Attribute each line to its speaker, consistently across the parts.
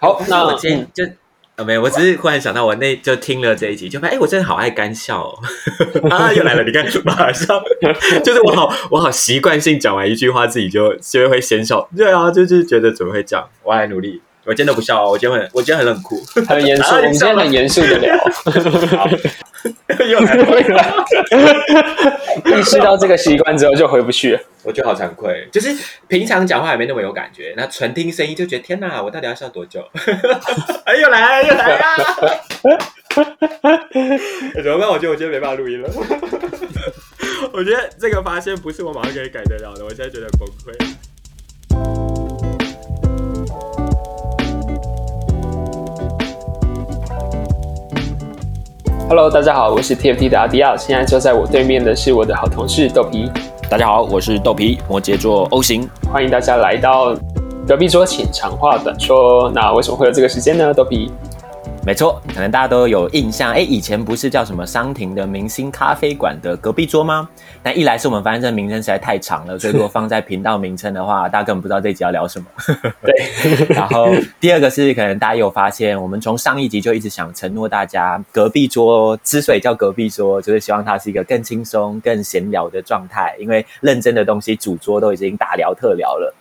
Speaker 1: 好，那我建議就啊，嗯、沒有，我只是忽然想到，我那就聽了這一集，就發現哎，我真的好愛乾笑哦， 啊，又來了， 你看，馬上笑，就是我好，我好習慣性講完一句話，自己就就會先笑，對啊，就是覺得怎麼會這樣，我愛努力。我真的不
Speaker 2: 笑，我今天很我今天很冷酷，很嚴肅。 啊、我們今天很嚴肅的聊。 好 又來了、啊！意識 到這個習慣之後就回不去了，我
Speaker 1: 覺得好慚愧。就是平常講話也沒那麼有感覺，那純聽聲音就覺得天哪、啊，我到底要笑多久？
Speaker 2: 哎、 啊，又來了、啊 欸，又來了、啊！
Speaker 1: 怎麼辦？我覺得我今天沒辦法錄音了。 我覺得這個發現不是我馬上可以改得了
Speaker 2: 的，我現在覺得很崩潰。Hello，大家好，我是 TFT 的阿迪奧，現在坐在我對面的是我的好同事豆皮。大家好，我是豆皮，摩羯座 O 型。歡迎大家來到隔壁桌，請長話短說。那為什麼會有這個時間呢，豆皮？沒錯，可能大家都有印象，哎、欸，以前不是叫什麼“
Speaker 1: 商庭”的明星咖啡館的隔壁桌嗎？那一來是我們發現這個名稱實在太長了，所以如果放在頻道名稱的話， 大家根本不知道這集要聊什麼。 對。 然後第二個是，可能大家有發現，我們從上一集就一直想承諾大家，隔壁桌之所以叫隔壁桌，就是希望它是一個更輕鬆、更閒聊的狀態，因為認真的東西主桌都已經大聊特聊了。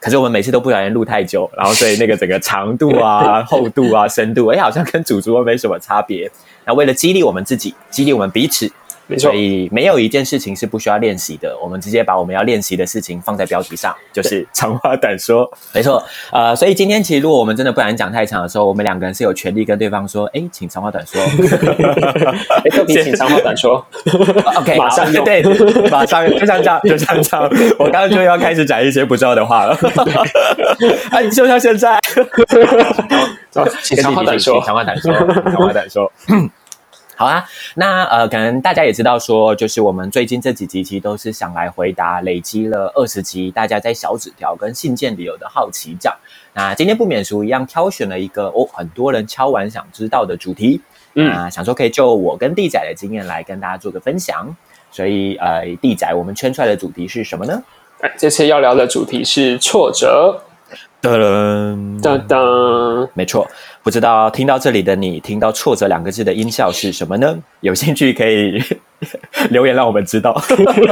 Speaker 1: 可是我們每次都不小心錄太久，然後所以那個整個長度啊、 厚度啊、深度，哎、欸，好像跟主桌沒什麼差別。那為了激勵我們自己，激勵我們彼此。沒所以沒有一件事情是不需要練習的。我們直接把我們要練習的事情放在標題上，就是對長話短說。沒錯，呃，所以今天其實如果我們真的不敢講太長的時候，我們兩個人是有權利跟對方說：“哎，請長話短說。 ”哎，都請長話短說。 OK，馬上對，馬上就就像這樣，就像這樣 我剛剛就要開始講一些不知道的話，不重要的話了。 啊，你就像現在， 請長話短短說，長話短說。 好啊，那呃，可能大家也知道說，說就是我們最近這幾集其實都是想來回答累積了二十集大家在小紙條跟信件裡有的好奇這樣。那今天不免俗一樣挑選了一個哦，很多人敲完想知道的主題，嗯、呃，想說可以就我跟弟仔的經驗來跟大家做個分享。所以呃，弟仔，我們圈出來的主題是什麼呢？
Speaker 2: 這次要聊的主題是挫折。噔噔噔，噔
Speaker 1: 噔，沒錯。不知道聽到這裡的你，聽到“挫折”兩個字的音效是什麼呢？有興趣可以 留言讓我們知道，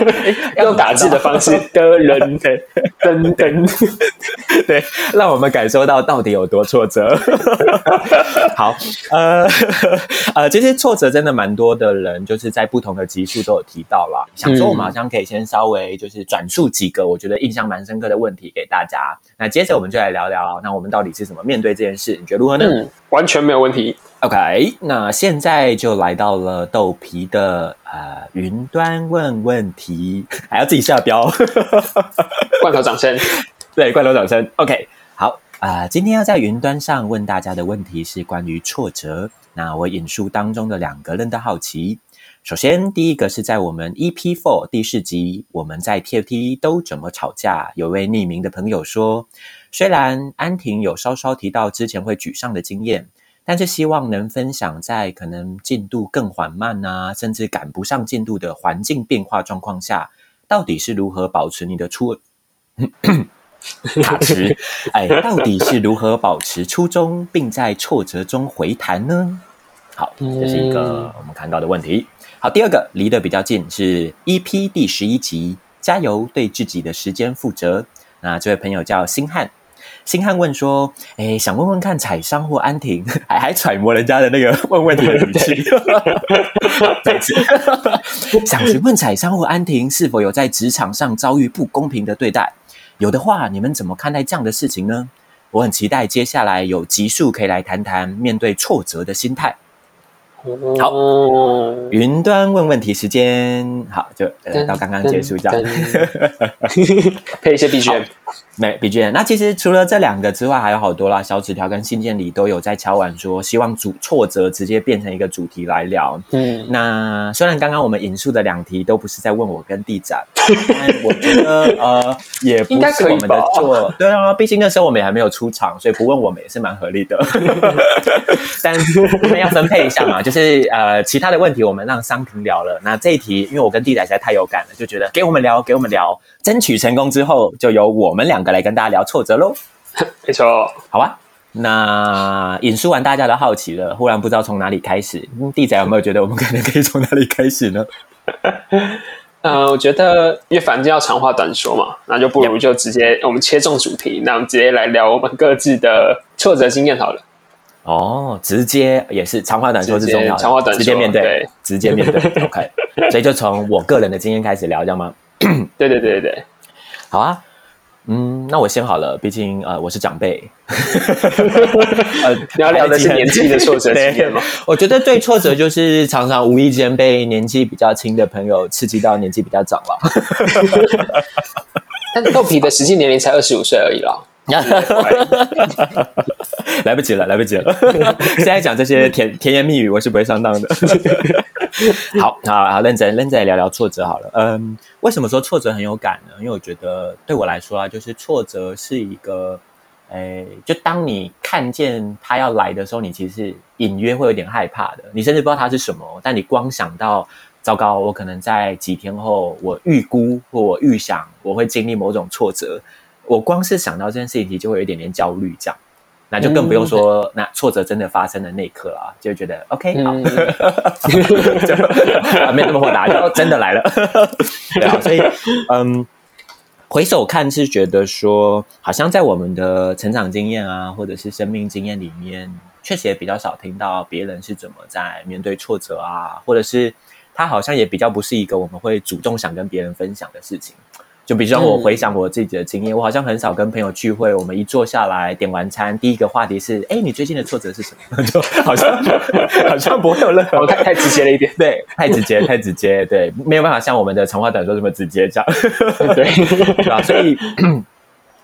Speaker 2: 用打字的方式的人的等等，
Speaker 1: 對，讓我們感受到到底有多挫折。 好，呃呃，其實挫折真的蠻多的人，就是在不同的集數都有提到了。嗯、想說我們好像可以先稍微就是轉述幾個我覺得印象蠻深刻的問題給大家。那接着我們就來聊聊，那我們到底是怎麼面對這件事？你覺得如何呢？嗯、完全沒有問題。OK，那現在就來到了豆皮的啊、呃、雲端問問題，還要自己下標，
Speaker 2: 罐頭掌聲，對，罐頭掌聲。OK，
Speaker 1: 好啊、呃，今天要在雲端上問大家的問題是關於挫折。那我引述當中的兩個人的好奇，首先第一個是在我們 EP Four 第四集，我們在 TFT 都怎麼吵架？有位匿名的朋友說，雖然安婷有稍稍提到之前會沮喪的經驗。但是希望能分享，在可能進度更緩慢啊，甚至趕不上進度的環境變化狀況下，到底是如何保持你的初
Speaker 2: 卡池， 哎，到底是
Speaker 1: 如何保持初衷，並在挫折中回彈呢？好，
Speaker 2: 這是一個
Speaker 1: 我們看到的問題。嗯、好，第二個離得比較近是 EP 第十一集，加油，對自己的時間負責。那這位朋友叫星漢。星漢問說：“哎，想問問看彩商、或安婷，還還揣摩人家的那個問問的語氣，想詢問彩商、或安婷是否有在職場上遭遇不公平的對待？有的話，你們怎麼看待這樣的事情呢？我很期待接下來有集數可以來談談面對挫折的心態。”
Speaker 2: 好，
Speaker 1: 雲端問問題時間，好，就、呃、到剛剛結束這樣。嗯嗯嗯、
Speaker 2: 配一些 BGM，
Speaker 1: 沒 BGM。G, 那其實除了這兩個之外，還有好多啦。小紙條跟信件裡都有在敲碗，說，希望主挫折直接變成一個主題來聊。嗯，那雖然剛剛我們引述的兩題都不是在問我跟弟仔，但我覺得呃，也不是我們的錯。對啊，畢竟那時候我們也還沒有出場，所以不問我們也是蠻合理的。 但我們要分配一下嘛，就是。是呃，其他的問題我們讓商平聊了。那這一題，因為我跟弟仔實在太有感了，就覺得給我們聊，給我們聊，爭取成功之後，就由我們兩個來跟大家聊挫折嘍。
Speaker 2: 沒錯，
Speaker 1: 好吧、啊。那引述完大家的好奇了，忽然不知道從哪裡開始。弟仔有沒有覺得我們可能可以從哪裡開始呢？
Speaker 2: 呃，我覺得，因為反正要長話短說嘛，那就不如就直接我們切中主題，那我們直接來聊我們各自的挫折經驗好了。
Speaker 1: 哦，直接也是長話短說是重要的，長話短說，直接面對，對直接面對，對，OK。所以就從我個人的經驗開始聊，這樣嗎？ 對，對對對對，好啊。嗯，那我先好了，畢竟呃，我是長輩。
Speaker 2: 呃，聊，聊的是年紀的挫折經驗嗎？
Speaker 1: 我覺得對挫折就是常常無意間被年紀比較輕的朋友刺激到年紀比較長了。
Speaker 2: 但豆皮的實際年齡才二十五歲而已啦。 來不
Speaker 1: 及了，來不及了！ 現在講這些甜甜言蜜語，我是不會上當的。 好，好，好，認真，認真聊聊挫折好了。嗯，為什麼說挫折很有感呢？因為我覺得對我來說啊，就是挫折是一個，誒、哎，就當你看見它要來的時候，你其實隱約會有點害怕的。你甚至不知道它是什麼，但你光想到糟糕，我可能在幾天後，我預估或我預想我會經歷某種挫折，我光是想到這件事情，就會有一點點焦慮這樣。
Speaker 2: 那就更不用說，
Speaker 1: 那挫折真的發生的那一刻啊，嗯、就覺得、嗯、OK，好沒那麼豁達，就真的來了， 對、啊、所以嗯，回首看是覺得說，好像在我們的成長經驗啊，或者是生命經驗裡面，確實也比較少聽到別人是怎麼在面對挫折啊，或者是他好像也比較不是一個我們會主動想跟別人分享的事情。就比如說，我回想我自己的經驗，嗯、我好像很少跟朋友聚會。我們一坐下來，點完餐，第一個話題是：哎、欸，你最近的挫折是什麼？ 就好像 好像不會有任何、 哦、太太直接了一點，對，太直接，太直接，對，沒有辦法像我們的長話短說這麼直接這樣， 對，啊，所以，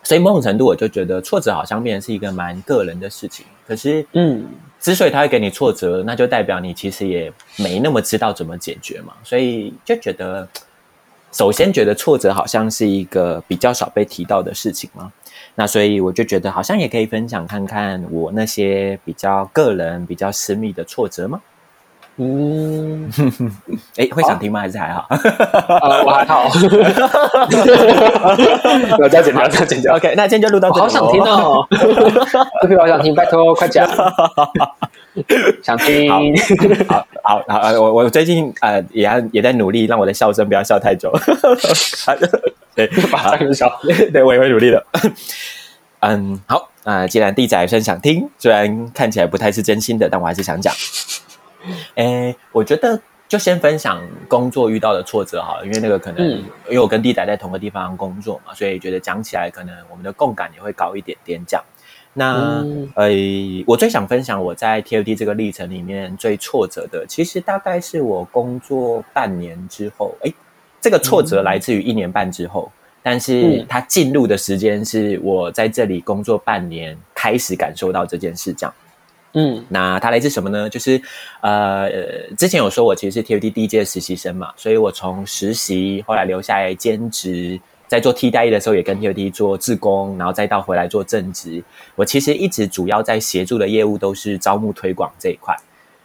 Speaker 1: 所以某種程度，我就覺得挫折好像變成是一個蠻個人的事情。可是，嗯，之所以他會給你挫折，那就代表你其實也沒那麼知道怎麼解決嘛，所以就覺得。首先覺得挫折好像是一個比較少被提到的事情嗎？那所以我就覺得好像也可以分享看看我那些比較個人、比較私密的挫折嗎？嗯，哎、欸，會想聽嗎？啊、還是還好？啊、我還好。 要加我 要加減。OK，那今天就錄到這裡、哦。好想聽哦，
Speaker 2: 特別好想聽，拜托
Speaker 1: 快講。想聽好，好好好，我我最近呃，也也也在努力，讓我的笑聲不要笑太久。 對，把、啊、笑，對我也會努力的。嗯，好，那、呃、既然弟仔說想聽，雖然看起來不太是真心的，但我還是想講。哎，我覺得就先分享工作遇到的挫折好了，因為那個可能，嗯、因為我跟弟仔在同個地方工作嘛，所以覺得講起來可能我們的共感也會高一點點講。那呃、嗯，我最想分享我在 TFT 這個歷程裡面最挫折的，其實大概是我工作半年之後，哎，這個挫折來自於一年半之後，嗯、但是它進入的時間是我在這裡工作半年開始感受到這件事，這樣。嗯，那它來自什麼呢？就是呃，之前有說我其實是 TFT 第一屆的實習生嘛，所以我從實習後來留下來兼職。在做替代役的時候，也跟 TFT 做志工，然後再到回來做正職。我其實一直主要在協助的業務都是招募推廣這一塊。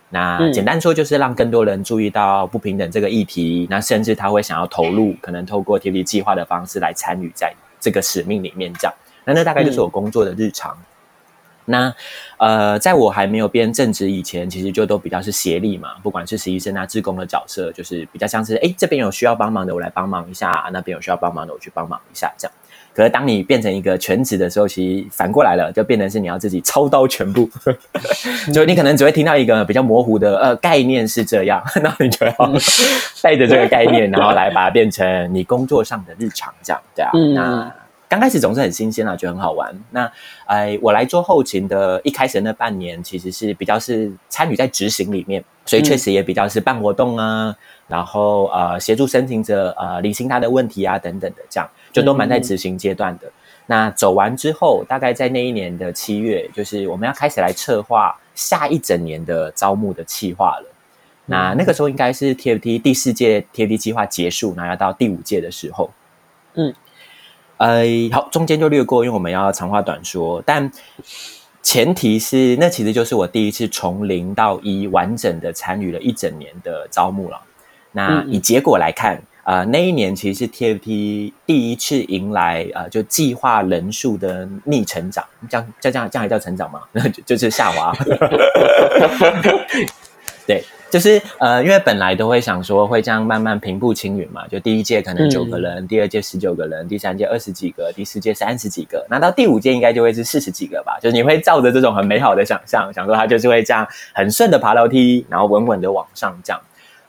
Speaker 1: 那簡單說，就是讓更多人注意到不平等這個議題，那甚至他會想要投入，可能透過 TFT 計劃的方式來參與在這個使命裡面。這樣，那那大概就是我工作的日常。嗯那，呃，在我還沒有變正職以前，其實就都比較是協力嘛，不管是實習生啊、志工的角色，就是比較像是，哎、欸，這邊有需要幫忙的，我來幫忙一下；啊、那邊有需要幫忙的，我去幫忙一下這樣。可是當你變成一個全職的時候，其實反過來了，就變成是你要自己操刀全部。嗯、就你可能只會聽到一個比較模糊的呃概念是這樣，那你就要帶着、嗯、 這個概念，然後來把它變成你工作上的日常這樣，這樣嗯。那剛開始總是很新鮮啦，覺得很好玩。那，哎、呃，我來做後勤的，一開始那半年其實是比較是參與在執行裡面，所以確實也比較是辦活動啊，嗯、然後呃，協助申請者呃，釐清他的問題啊，等等的這樣，就都蠻在執行階段的。嗯嗯，那走完之後，大概在那一年的七月，就是我們要開始來策劃下一整年的招募的計劃了。嗯嗯，那那個時候應該是 TFT 第四屆 TFT 計劃結束，然後要到第五屆的時候，嗯。呃，好，中間就略過，因為我們要長話短說。但前提是，那其實就是我第一次從零到一完整的參與了一整年的招募了。那以結果來看，嗯、呃，那一年其實是 TFT 第一次迎來呃，就計劃人數的逆成長，這樣這樣這樣還叫成長嗎？那 就就是下滑。 對。就是呃，因為本來都會想說會這樣慢慢平步青雲嘛，就第一屆可能九個人，嗯、第二屆十九個人，第三屆二十幾個，第四屆三十幾個，那到第五屆應該就會是四十幾個吧。就是你會照着這種很美好的想象，想說它就是會這樣很順的爬樓梯，然後穩穩的往上這樣。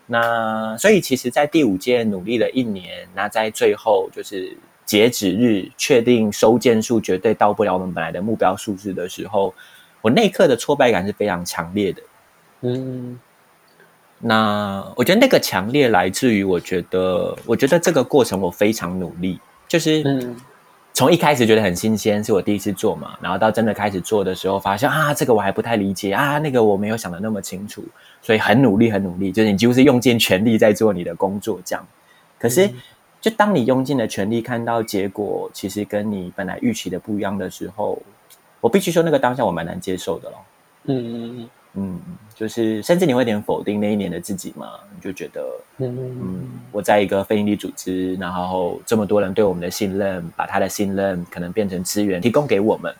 Speaker 1: 那所以其實在第五屆努力了一年，那在最後就是截止日確定收件數絕對到不了我們本來的目標數字的時候，我那一刻的挫敗感是非常強烈的。嗯。那我覺得那個強烈來自於，我覺得，我覺得這個過程我非常努力，就是嗯，從一開始覺得很新鮮，是我第一次做嘛，然後到真的開始做的時候，發現啊，這個我還不太理解啊，那個我沒有想得那麼清楚，所以很努力，很努力，就是你幾乎是用盡全力在做你的工作這樣。可是，就當你用盡了全力，看到結果其實跟你本來預期的不一樣的時候，我必須說那個當下我蠻難接受的咯。嗯嗯嗯。嗯，就是甚至你會有點否定那一年的自己嘛？你就覺得，嗯嗯，我在一個非營利組織，然後這麼多人對我們的信任，把他的信任可能變成資源提供給我們。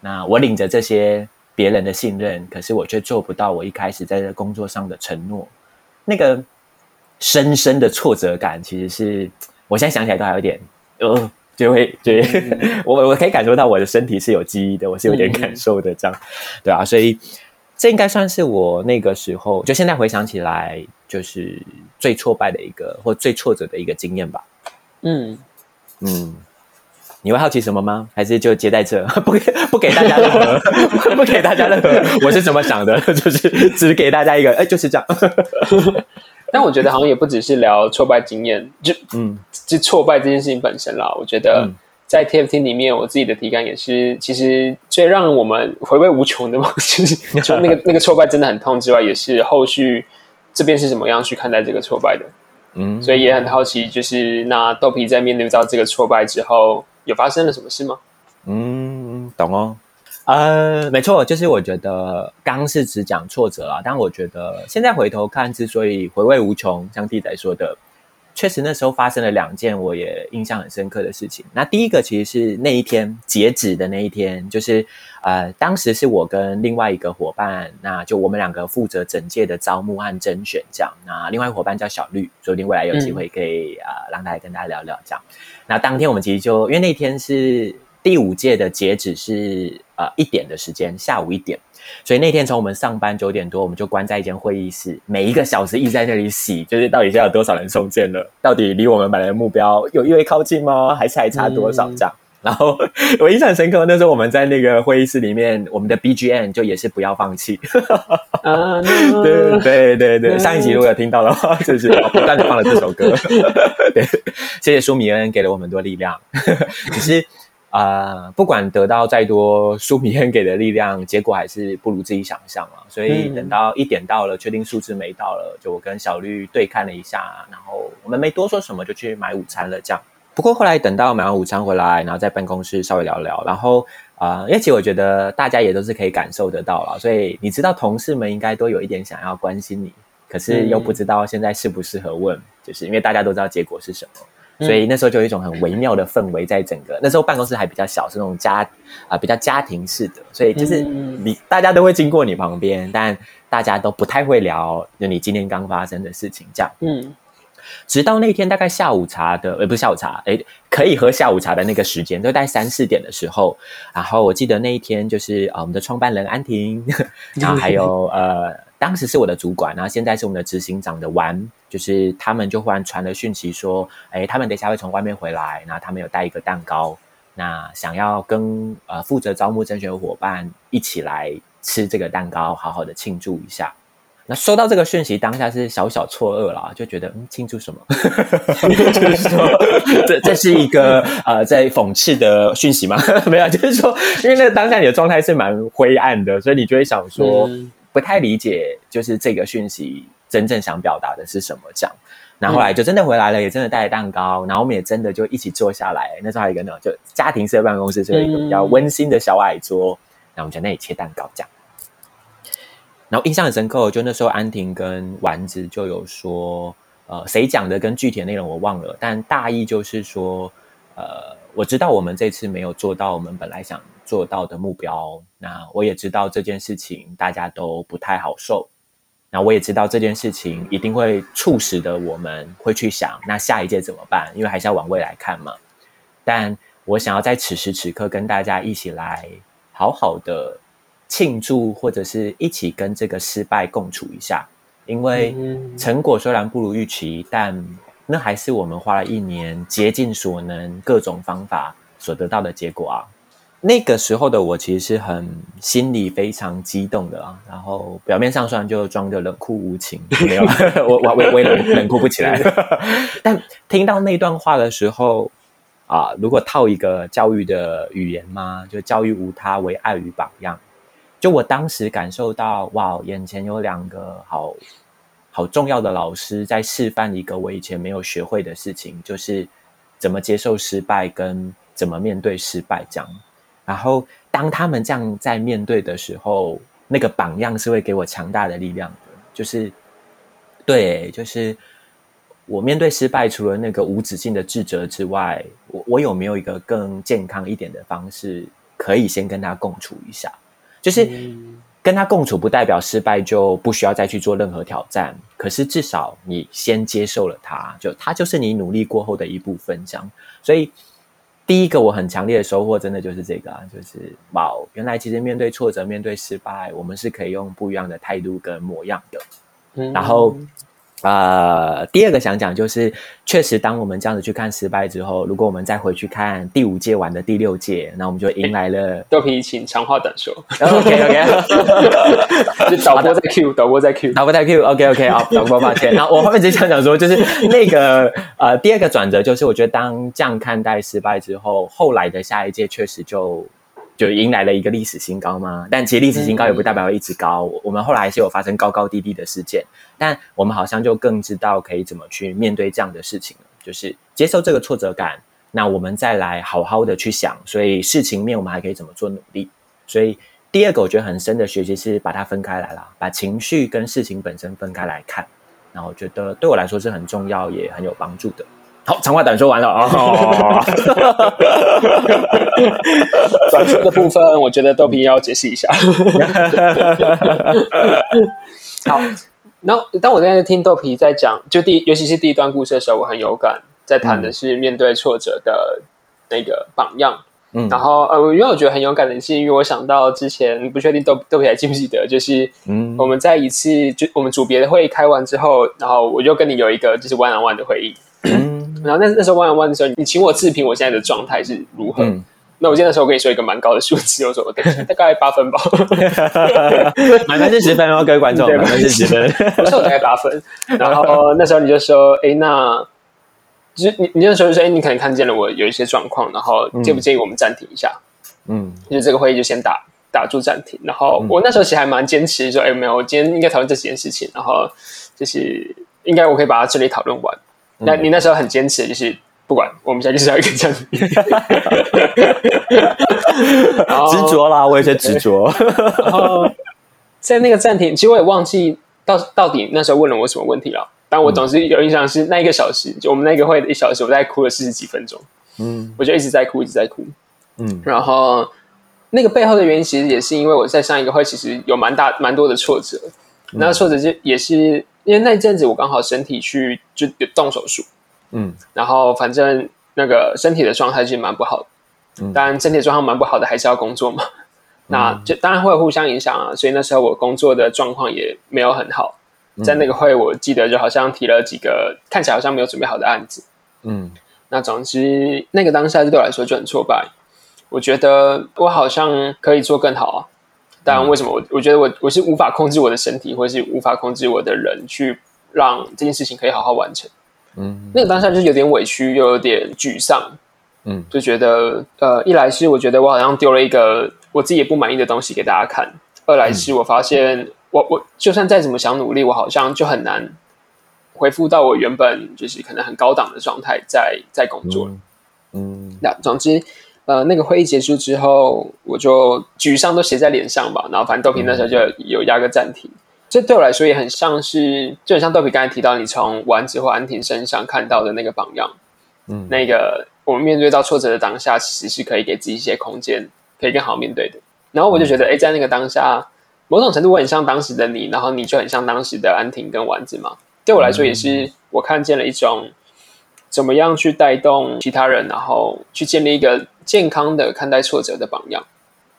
Speaker 1: 那我領着這些別人的信任，可是我卻做不到我一開始在這工作上的承諾。那個深深的挫折感，其實是我現在想起來都還有點，呃，就會，就會嗯嗯 我我可以感受到我的身體是有記憶的，我是有點感受的，嗯嗯，這樣對啊，所以。這應該算是我那個時候，就現在回想起來，就是最挫敗的一個，或最挫折的一個經驗吧。
Speaker 2: 嗯
Speaker 1: 嗯，你會好奇什麼嗎？還是就接在這，不，
Speaker 2: 不給大家任何，不給大家任何，我是怎麼想的？就是只給大家一個，哎，就是這樣。 但我覺得好像也不只是聊挫敗經驗，就嗯，就挫敗這件事情本身啦，我覺得。嗯在 TFT 裡面，我自己的體感也是，其實最讓我們回味無窮的嘛，就是除了那個 那個挫敗真的很痛之外，也是後續這邊是怎麼樣去看待這個挫敗的？嗯，所以也很好奇，就是那豆皮在面對到這個挫敗之後，有發生了什麼事嗎？嗯，
Speaker 1: 懂哦，呃，沒錯，就是我覺得剛是只講挫折啦，但我覺得現在回頭看，之所以回味無窮，像弟仔說的。確實，那時候發生了兩件我也印象很深刻的事情。那第一個其實是那一天截止的那一天，就是呃，當時是我跟另外一個夥伴，那就我們兩個負責整屆的招募和甄選這樣。那另外一夥伴叫小綠，說不定未來有機會可以啊、嗯呃，讓大家跟大家聊聊這樣。那當天我們其實就因為那天是。第五屆的截止是呃一點的時間，下午一點，所以那天從我們上班九點多，我們就關在一間會議室，每一個小時一直在那裡洗，就是到底現在有多少人送件了？到底離我們本來的目標有因為靠近嗎？還是還差多少？這樣、嗯？然後我印象深刻，那時候我們在那個會議室裡面，我們的 BGM 就也是不要放棄啊， 對對對對，對對嗯、上一集如果有聽到的話，就是謝， 不斷的放了這首歌， 對，謝謝舒米恩給了我們多力量， 只是。啊、呃，不管得到再多舒明天給的力量，結果還是不如自己想象啊。所以等到一點到了，嗯、確定數字沒到了，就我跟小綠對看了一下，然後我們沒多說什麼，就去買午餐了。這樣，不過後來等到買完午餐回來，然後在辦公室稍微聊聊，然後啊、呃，因為其實我覺得大家也都是可以感受得到啦，所以你知道同事們應該都有一點想要關心你，可是又不知道現在適不適合問，嗯、就是因為大家都知道結果是什麼。所以那時候就有一種很微妙的氛圍在整個。嗯、那時候辦公室還比較小，是那種家啊、呃，比較家庭式的，所以就是你、嗯、大家都會經過你旁邊，但大家都不太會聊，就你今天剛發生的事情，這樣。嗯。直到那天大概下午茶的，哎、呃，不是下午茶，哎，可以喝下午茶的那個時間，就在三四點的時候。然後我記得那一天就是啊，我們的創辦人安婷，然後、啊、還有呃。 當時是我的主管，然後現在是我們的執行長的玩，就是他們就忽然傳了訊息說，哎，他們等一下會從外面回來，然後他們有帶一個蛋糕，那想要跟呃負責招募甄選的夥伴一起來吃這個蛋糕，好好的慶祝一下。那收到這個訊息，當下是小小錯愕了，就覺得嗯，慶祝什麼？ 就是說，這這是一個呃在諷刺的訊息嗎？ 沒有，就是說，因為那當下你的狀態是蠻灰暗的，所以你就會想說。嗯不太理解，就是這個訊息真正想表達的是什麼這樣，然後，後來就真的回來了，嗯、也真的帶了蛋糕。然後我們也真的就一起坐下來。那時候還有一個呢，就家庭式辦公室，就是一個比較溫馨的小矮桌。嗯、然後我們在那裡切蛋糕這樣，然後印象很深刻，就那時候安婷跟丸子就有說，呃，誰講的跟具體的內容我忘了，但大意就是說，呃。我知道我們這次沒有做到我們本來想做到的目標哦，那我也知道這件事情大家都不太好受，那我也知道這件事情一定會促使的我們會去想那下一屆怎麼辦，因為還是要往未來看嘛。但我想要在此時此刻跟大家一起來好好的慶祝，或者是一起跟這個失敗共處一下，因為成果雖然不如預期，但。那還是我們花了一年，竭盡所能，各種方法所得到的結果啊。那個時候的我其實是很心裡非常激動的啊，然後表面上雖然就裝着冷酷無情，沒有 我我我我冷冷酷不起來， 但聽到那段話的時候啊，如果套一個教育的語言嘛，就教育無他，唯愛與榜樣。就我當時感受到，哇，眼前有兩個好。好重要的老師在示範一個我以前沒有學會的事情，就是怎麼接受失敗跟怎麼面對失敗這樣。然後當他們這樣在面對的時候，那個榜樣是會給我強大的力量的。就是，對，就是我面對失敗，除了那個無止境的自責之外，我我有沒有一個更健康一點的方式，可以先跟他共處一下？就是。嗯跟他共處不代表失敗，就不需要再去做任何挑戰，可是至少你先接受了他，就他就是你努力過後的一部分，這樣。所以第一個我很強烈的收穫，真的就是這個啊，就是哇，原來其實面對挫折、面對失敗，我們是可以用不一樣的態度跟模樣的。嗯嗯，然後。呃，第二個想講就是，確實，當我們這樣子去看失敗之後，如果我們再回去看第五屆完的第六屆，那我們就迎來了
Speaker 2: 豆皮，請長話短說。 OK OK， 就
Speaker 1: 導播在 Q， 導播在 Q，導播在 Q，OK OK 啊、okay, 哦，導播抱歉。那 後我後面直接想講說，就是那個呃，第二個轉折就是，我覺得當這樣看待失敗之後，後來的下一屆確實就。就迎來了一個歷史新高嗎？但其實歷史新高也不代表一直高。嗯嗯，我們後來還是有發生高高低低的事件，但我們好像就更知道可以怎麼去面對這樣的事情了，就是接受這個挫折感。那我們再來好好的去想，所以事情面我們還可以怎麼做努力？所以第二個我覺得很深的學習是把它分開來了，把情緒跟事情本身分開來看。然後我覺得對我來說是很重要也很有幫助的。好，長話短說完了啊。
Speaker 2: 轉述 的部分，我覺得豆皮也要解釋一下。 好，然後當我現在聽豆皮在講，就第尤其是第一段故事的時候，我很有感。在談的是面對挫折的那個榜樣。嗯，然後呃，因為我覺得很有感的是，因為我想到之前不確定豆豆皮還記不記得，就是嗯，我們在一次就我們組別的會議開完之後，然後我就跟你有一個就是 one on one 的會議。嗯、然後那那時候 one on one 的時候，你請我自評我現在的狀態是如何。嗯那我今天那時候跟你說一個蠻高的數字，有什麼？大概八分吧，滿 分是十分哦， 各位觀眾，滿分是十分， 我大概八分。然後那時候你就說：“哎、欸，那就是你，你就說說、欸，你可能看見了我有一些狀況，然後介不介意我們暫停一下？嗯，就這個會議就先打打住，暫停。然後我那時候其實還蠻堅持，說：哎、欸，沒有，我今天應該討論這幾件事情，然後就是應該我可以把它這裡討論完。那、嗯、你那時候很堅持，就是。”不管，我們下，個下一個
Speaker 1: 小一個站。執着 後啦，我有些執着。
Speaker 2: 在那個暫停，其實我也忘記到到底那時候問了我什麼問題了，但我總是有印象是、嗯、那一個小時，就我們那個會的一小時，我在哭了四十幾分鐘。嗯，我就一直在哭，一直在哭。嗯，然後那個背後的原因，其實也是因為我在上一個會，其實有蠻大蠻多的挫折。那、嗯、挫折就也是因為那陣子我剛好身體去就有動手術。嗯，然後反正那個身體的狀態其實蠻不好的，當然、嗯、身體狀況蠻不好的還是要工作嘛，嗯、 那就當然會有互相影響啊。所以那時候我工作的狀況也沒有很好，在那個會我記得就好像提了幾個看起來好像沒有準備好的案子，嗯，那總之那個當下對我來說就很挫敗，我覺得我好像可以做更好啊，但為什麼我我覺得我我是無法控制我的身體，或是無法控制我的人去讓這件事情可以好好完成。嗯，那個當下就是有點委屈，又有點沮喪，嗯，就覺得，呃，一來是我覺得我好像丟了一個我自己也不滿意的東西給大家看，二來是我發現我、嗯、我就算再怎麼想努力，我好像就很難恢復到我原本就是可能很高檔的狀態，在在工作，嗯，嗯，那總之，呃，那個會議結束之後，我就沮喪都寫在臉上吧，然後反正豆皮那時候就有壓個暫停。嗯這對我來說也很像是，就很像豆皮剛才提到，你從丸子或安婷身上看到的那個榜樣。嗯，那個我們面對到挫折的當下，其實是可以給自己一些空間，可以更好面對的。然後我就覺得，嗯誒，在那個當下，某種程度我很像當時的你，然後你就很像當時的安婷跟丸子嘛。對我來說，也是我看見了一種怎麼樣去帶動其他人，然後去建立一個健康的看待挫折的榜樣。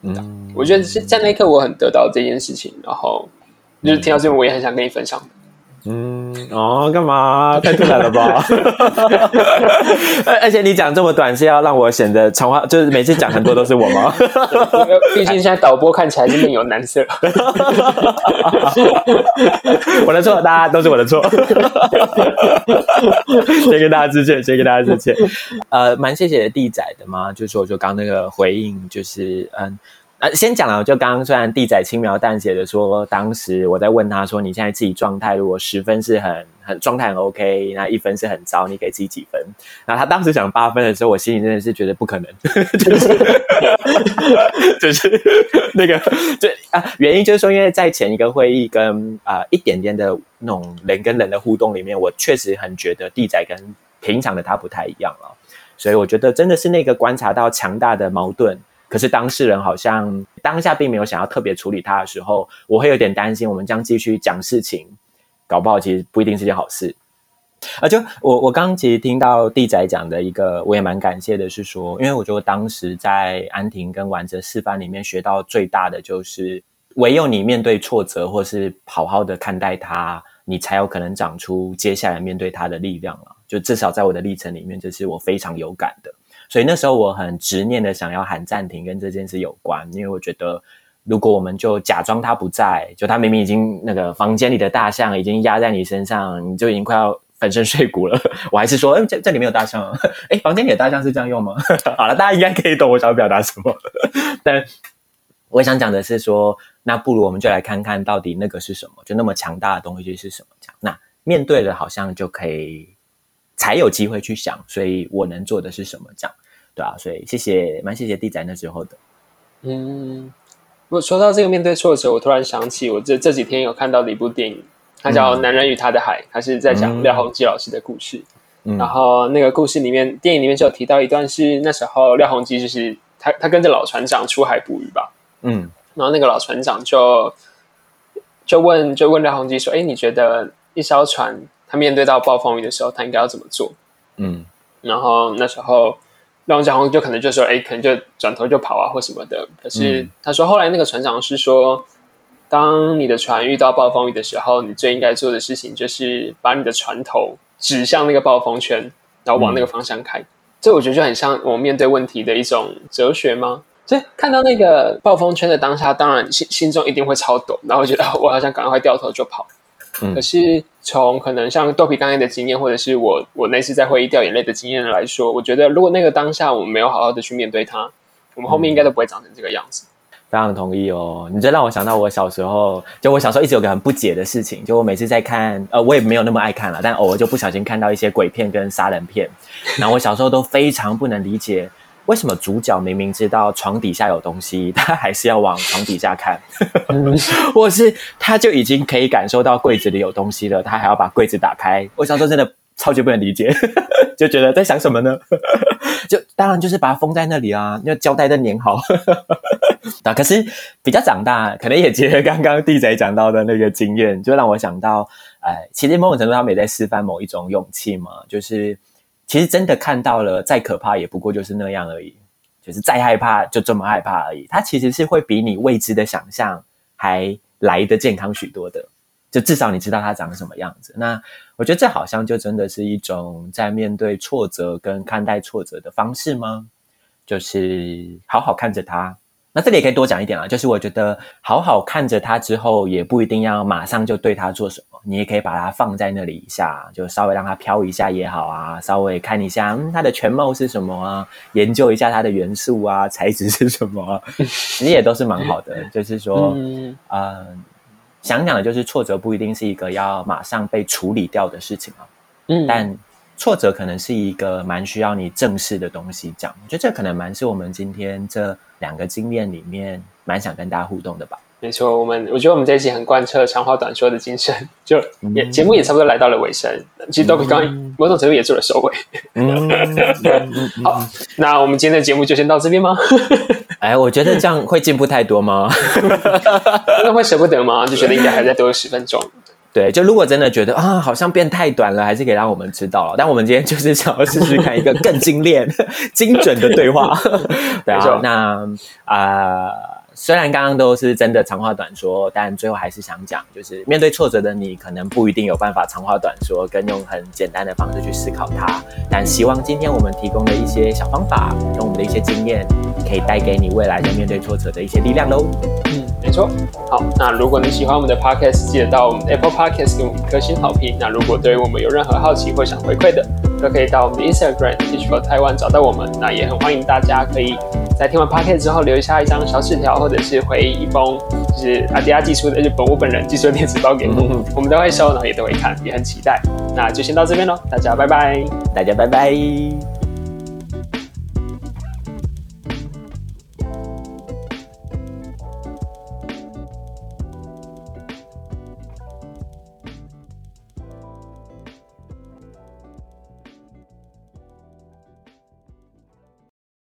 Speaker 2: 嗯，嗯我覺得是在那一刻，我很得到這件事情，然後。就是聽到這個，我也很想跟你分享。
Speaker 1: 嗯，哦，幹嘛？太突然了吧？而 而且你講這麼短是要讓我顯得長話，就是每次講很多都是我嗎？
Speaker 2: 畢 竟現在導播看起來是面有難色。
Speaker 1: 我的錯，大家都是我的錯。 先跟大家致歉，先跟大家致歉。呃，蠻謝謝的弟仔的嘛，就是說，就剛那個回應，就是嗯。啊，先講了，就剛剛雖然弟仔輕描淡寫的說，當時我在問他說，你現在自己狀態如果十分是很、很狀態很 OK，那一分是很糟，你給自己幾分？那他當時講八分的時候，我心裡真的是覺得不可能， 就是 就是那個，就啊，原因就是說，因為在前一個會議跟啊、呃、一點點的那種人跟人的互動裡面，我確實很覺得弟仔跟平常的他不太一樣啊、哦，所以我覺得真的是那個觀察到強大的矛盾。可是當事人好像當下並沒有想要特別處理他的時候，我會有點擔心，我們將繼續講事情，搞不好其實不一定是件好事。啊，就我我剛其實聽到弟仔講的一個，我也蠻感謝的，是說，因為我覺得當時在安婷跟丸澤示範裡面學到最大的，就是唯有你面對挫折，或是好好的看待它，你才有可能長出接下來面對它的力量了、啊。就至少在我的歷程裡面，這是我非常有感的。所以那時候我很執念的想要喊暫停，跟這件事有關，因為我覺得如果我們就假裝他不在，就他明明已經那個房間裡的大象已經壓在你身上，你就已經快要粉身碎骨了。我還是說，哎，這這裡沒有大象？誒，房間裡的大象是這樣用嗎？好了，大家應該可以懂我想要表達什麼。但我想講的是說，那不如我們就來看看到底那個是什麼，就那麼強大的東西是什麼？這樣，那面對了好像就可以。才有機會去想，所以我能做的是什麼？這樣對啊。所以謝謝，蠻謝謝弟仔那時候的。嗯，
Speaker 2: 我說到這個面對挫折的時候，我突然想起，我這這幾天有看到的一部電影，它叫《男人與他的海》，嗯、它是在講廖鴻基老師的故事。嗯、然後那個故事裡面，電影裡面就有提到一段是，是、嗯、那時候廖鴻基就是他，他跟着老船長出海捕魚吧。嗯，然後那個老船長就就問，就問廖鴻基說：“哎、欸，你覺得一艘船？”他面對到暴風雨的時候，他應該要怎麼做？嗯，然後那時候，那我講就可能就說，哎，可能就轉頭就跑啊，或什麼的。可是、嗯、他說，後來那個船長是說，當你的船遇到暴風雨的時候，你最應該做的事情就是把你的船頭指向那個暴風圈，是然後往那個方向開。嗯、這我覺得就很像我面對問題的一種哲學嗎？所以看到那個暴風圈的當下，當然心心中一定會超抖，然後覺得我好像趕快掉頭就跑。嗯、可是從可能像豆皮剛才的經驗，或者是我我那次在會議掉眼淚的經驗來說，我覺得如果那個當下我們沒有好好的去面對它，我們後面應該都不會長成這個樣子。嗯、非
Speaker 1: 常同意哦！你這讓我想到我小時候，就我小時候一直有個很不解的事情，就我每次在看，呃，我也沒有那麼愛看了，但偶爾就不小心看到一些鬼片跟殺人片，然後我小時候都非常不能理解。 為什麼主角明明知道床底下有東西，他還是要往床底下看？或者 是他就已經可以感受到櫃子裡有東西了，他還要把櫃子打開。我想說真的超級不能理解， 就覺得在想什麼呢？ 就當然就是把它封在那裡啊，要膠帶都粘好、 啊。可是比較長大，可能也結合剛剛弟仔講到的那個經驗，就讓我想到，呃、其實某種程度他也在示範某一種勇氣嘛，就是。其實真的看到了，再可怕也不過就是那樣而已，就是再害怕就這麼害怕而已。它其實是會比你未知的想象還來得健康許多的，就至少你知道它長什麼樣子。那我覺得這好像就真的是一種在面對挫折跟看待挫折的方式嗎？就是好好看着它。那這裡也可以多講一點啊，就是我覺得好好看着它之後，也不一定要馬上就對它做什麼，你也可以把它放在那裡一下，就稍微讓它飄一下也好啊，稍微看一下，嗯，它的全貌是什麼啊，研究一下它的元素啊，材質是什麼啊，其實也都是蠻好的。 就是說，嗯、呃，想想的就是挫折不一定是一個要馬上被處理掉的事情啊，嗯，嗯，但。挫折可能是一個蠻需要你正視的東西，講，我覺得這可能蠻是我們今天這兩個經驗裡面蠻想跟大家互動的吧。
Speaker 2: 沒錯，我們我覺得我們這一期很貫徹長話短說的精神，就也、嗯、節目也差不多來到了尾聲。其實都比剛剛某種程度也做了收尾。嗯， 嗯嗯好，那我們今天的節目就先到這邊嗎？ 哎，我覺得這樣會進步太多嗎？真 的會舍不得
Speaker 1: 嗎？就覺得應該還再
Speaker 2: 多十分鐘。
Speaker 1: 對，就如果真的覺得啊，好像變太短了，還是可以讓我們知道了。但我們今天就是想要試試看一個更精煉、 精準的對話，沒錯。那啊、呃，雖然剛剛都是真的長話短說，但最後還是想講，就是面對挫折的你，可能不一定有辦法長話短說，跟用很簡單的方式去思考它。但希望今天我們提供的一些小方法，跟我們的一些經驗，
Speaker 2: 可以帶給你未來的面對挫折的一些力量嘍。錯，好。那如果你喜歡我們的 podcast，記得到我們 Apple Podcast 給我們五顆星好評。那如果對於我們有任何好奇或想回饋的，都可以到我們的 Instagram Teach For Taiwan 找到我們。那也很歡迎大家可以在聽完 podcast 之後留下一張小紙條，或者是回憶一封就是阿迪亞寄出的日本我本人寄出的電子包給我們， 我們都會收，然後也都會看，也很期待。那就先到這邊嘍，大家拜拜，大家拜拜。